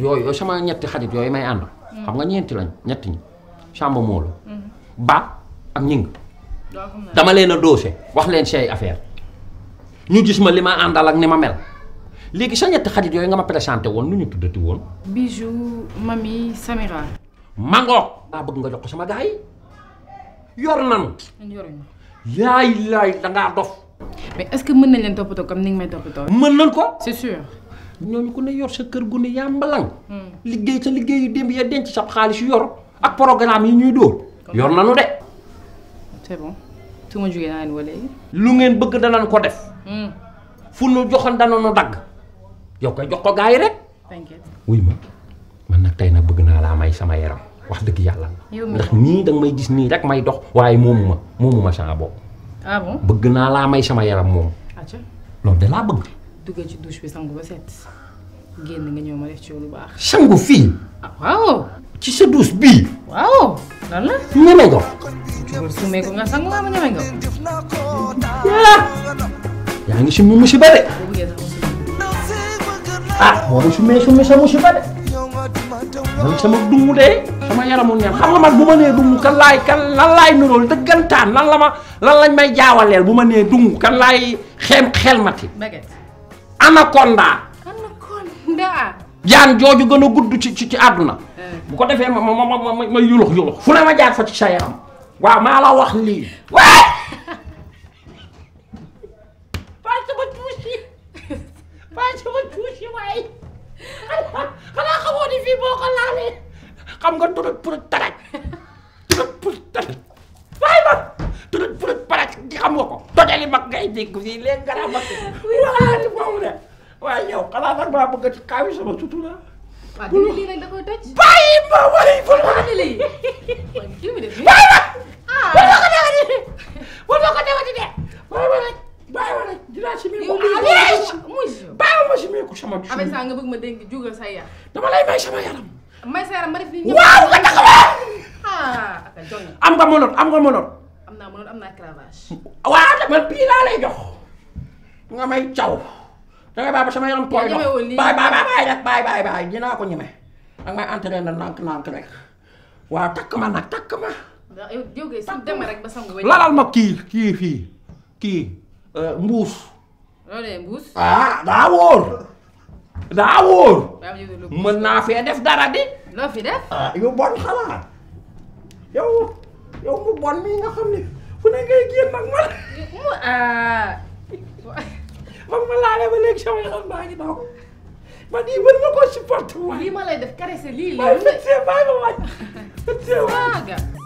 yooyu sama ñetti xarit yooyu may ànd. Mm. xam nga ñeenti lañ ñetti ñi. Samba Mawla. Mm. Ba ak ñing dama leen a doose wax leen say affaire ñu gis ma li ma àndal ak ni ma mel. léegi sa ñetti xarit yooyu nga ma présenté woon lu ñu tuddati woon. Bijou Mami Samira. Mango. laa bëgg nga jox ko sama gars yor nanu. yor nañu. yaay laay dangaa dox mais est-ce que mën nañ leen toppatoo comme may toppatoo. mën nañ ko. ñooñu ku ne yor sa kër gu ne yàmbalang hmm. liggéey sa liggéeyu démb ya denc sa xaalis yor ak programme yi ñuy dóor yor nanu de ma jugee naa lu ngeen bëgg danañ ko def hmm. fu nu joxoon danañu dagg yow koy jox ko gars rek wuy ma man nag tey nag bëgg naa laa may sama yaram wax dëgg yàlla ndax nii danga may gis nii rek may dox waaye moomu ma moomu ma sama bopp ah bëgg naa laa may sama yaram moom loolu de laa bëgg dugal ci douche bi sangu ba set nga ñëw ma def lu baax. sangu fii. ah ci sa douche bii. waaw lan la. ñeme nga. loolu su ma ko nga sangu waaw ma ñeme nga. yaa ngi summi ah, sa musiba de. sama dungu de sama yaramu neex xam nga man bu ma nee dungu kan laay kan lan laay nuróol dëggantaan lan la ma lan lañ may jaawaleel bu ma nee dungu kan laay xeem xel mati anaconda. anaconda. jaan jooju gën a gudd ci ci ci àdduna. Eh. bu ko defee ma ma ma ma yulux yulux fu ne ma jaar fa ci sa yaram. waaw maa la wax lii. waay. waa sama tuuti waa sama tuuti waay xanaa xamoo ni fii boo ko laalee xam nga trop trop taraj. ay dégg si léegi nga daan waxaati foofu de waaye yow xanaa tutu la. waaw dina lii rek da koy toj. bàyyi ma waaye bu ma. bàyyi ma. ah bu ma ko defati de bu ma ko defati de bàyyi ma rek ma si miir ko. Ah, ma si miir ko sama tutu. Ameth Sarr nga bëgg ma dégg jugal sa yaram. dama lay may sama yaram. may sa yaram ma def nii. waaw nga taxawal. ah a am nga mënoon am nga mënoon. am naa mënoon am naa cravage. waaw dama bii laa lay jox nga may caw dangay bàyyi ba sama yaram tooy ndox baay baay baay rek baay baay baay dinaa ko ñeme ak may entraîner nànk-nànk rek waaw takk ma nag takk ma. rek ba lalal ma kii kii fii kii euh, mbuus. loolee mbuus. ah daa wóor. daa wóor. mën naa fee def dara di. loo fi def. ah yow bon xalaat yow. yow mu bon mii nga xam ne fu ne ngay génn nag ma. ma ah. ma laale ba léegi sama yaram baa ngi daw man yii mën na lii ma lay def caressé lii la. waaye fëtté bàyyi ma wàññi fëtté waaga